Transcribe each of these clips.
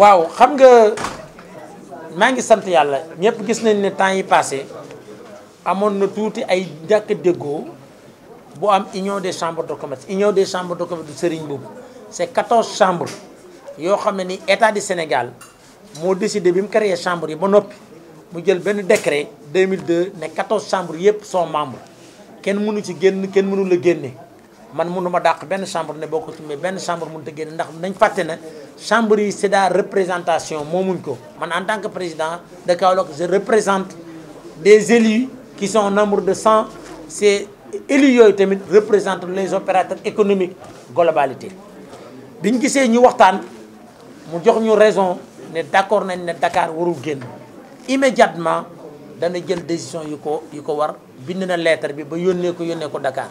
waaw xam nga maa ngi sant yàlla ñëpp gis nañ ne temps yi passé amoon na touti ay jakk déggoo bu am union des chambres de commerce union des chambres de commerce du Serigne boobu c'est 14 chambres yo xam ne ni état du Sénégal mo décidé bi mu chambre yi ba nopi mu jël ben décret 2002 ne 14 chambres yépp son membres kenn mënu ci génn kenn mënu la génné man mënu ma dàq Ben chambre ne boko tumé ben chambre mënut a génne ndax nañ fàtte na chambre c'est la représentation moomuñ ko en tant que président de Kaolack je représente des élus qui sont au nombre de 100. ces élus représentent les opérateurs économiques globalité biñ nous ñu waxtaan mu jox ñu raison ne d'accord nañ ne Dakar warul guen immédiatement dana jël décision yuko yuko war bind na lettre bi ba ko ko Dakar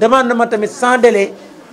demande ma tamit sans délai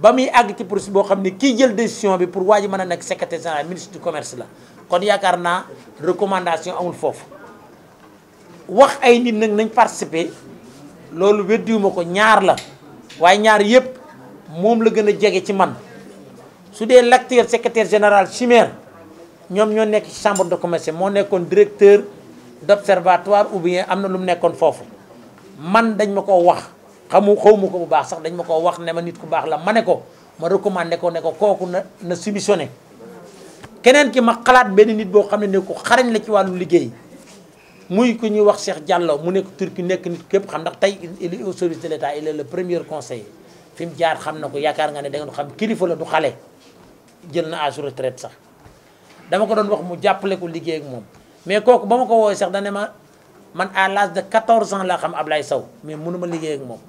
ba muy àgg ci processus boo xam ne kii jël décision bi pour waa ji mën a nekk secrétaire général ministre du commerce la kon yaakaar naa recommandation amul foofu wax ay nit nag nañ participer loolu weddiwuma ko ñaar la waaye ñaar yépp moom la gën a jege ci man su dee l'acteur secretaire général Chimère ñoom ñoo nekk ci chambre de commerce moo nekkoon directeur d'observatoire ou bien am na lu mu nekkoon foofu man dañ ma ko wax xamu xaw ma ko bu baax sax dañ ma ko wax ne ma nit ku baax la ma ne ko ma recommandé ko ne ko kooku na na soumissionné keneen ki ma xalaat benn nit boo xam ne ne ku xarañ la ci wàllu liggéey muy ku ñuy wax Cheikh Diallo mu nekk turki nekk nit képp xam ndax tey il est au service de l'État il est le premier conseiller fi mu jaar xam na ko yaakaar nga ne da ngeen xam kilifa la du xale jël na âge retraite sax dama ko doon wax mu jàppale ko liggéey ak moom mais kooku ba ma ko woowee sax dane ma man à l'âge de 14 ans laa xam Ablaye Sow mais mënuma liggéey ak moom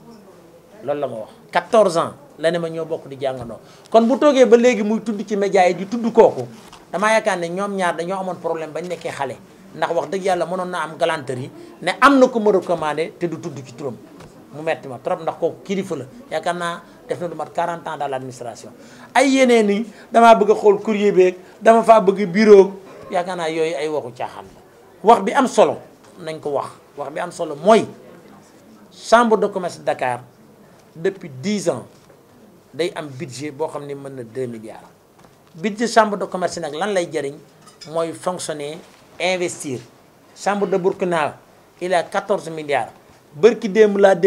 loolu la ma wax 14 ans la ne ma ñoo bokk di jangano kon bu toogee ba léegi muy tudd ci média yi di tuddu koku dama yakane ñom ñaar dañu amone problème bañ nekké xalé ndax wax deug yalla mënon na am galanterie ne am na ko ma recommandé té du tuddu ci turam mu metti ma trop ndax koku kilifa la yakana def na lu mat 40 ans dans l'administration ay yeneen yi dama bëgg xol courrier bék dama fa bëgg bureau yakana yoy ay waxu chaxam wax bi am solo nañ ko wax wax bi am solo moy chambre de commerce Dakar depuis 10 ans, il y a un budget de 2 milliards. Le budget de la Chambre de commerce, c'est ce qui fonctionner, investir. La Chambre de Burkina, il a 14 milliards. Burki de Moula, il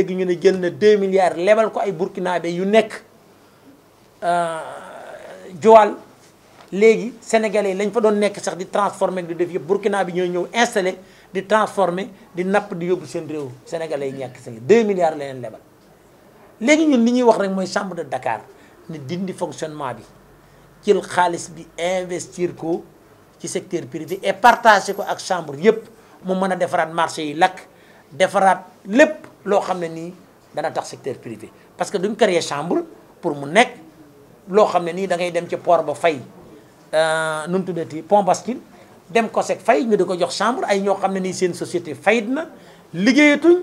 a 2 milliards. Le niveau de Burkina, il le a une euh, Joual, les Sénégalais, les Sénégalais, ils ont transformé le défi. Burkina, ils ont installé, ils ont transformé, ils ont nappé le défi. Sénégalais, il y a 2 milliards. léegi ñun li ñuy wax rek mooy chambre de Dakar ni dindi fonctionnement bi jël xaalis bi investir ko ci secteur privé et partager ko ak chambre yëpp mu mën a defaraat marché yi lakk defaraat lépp loo xam ne nii dana tax secteur privé parce que duñ créer chambre pour mu nekk loo xam ne nii da ngay dem ci port ba fay euh, nu mu pont bascule dem ko COSEC fay ñu di ko jox chambre ay ñoo xam ne nii seen société fayit na liggéeyatuñ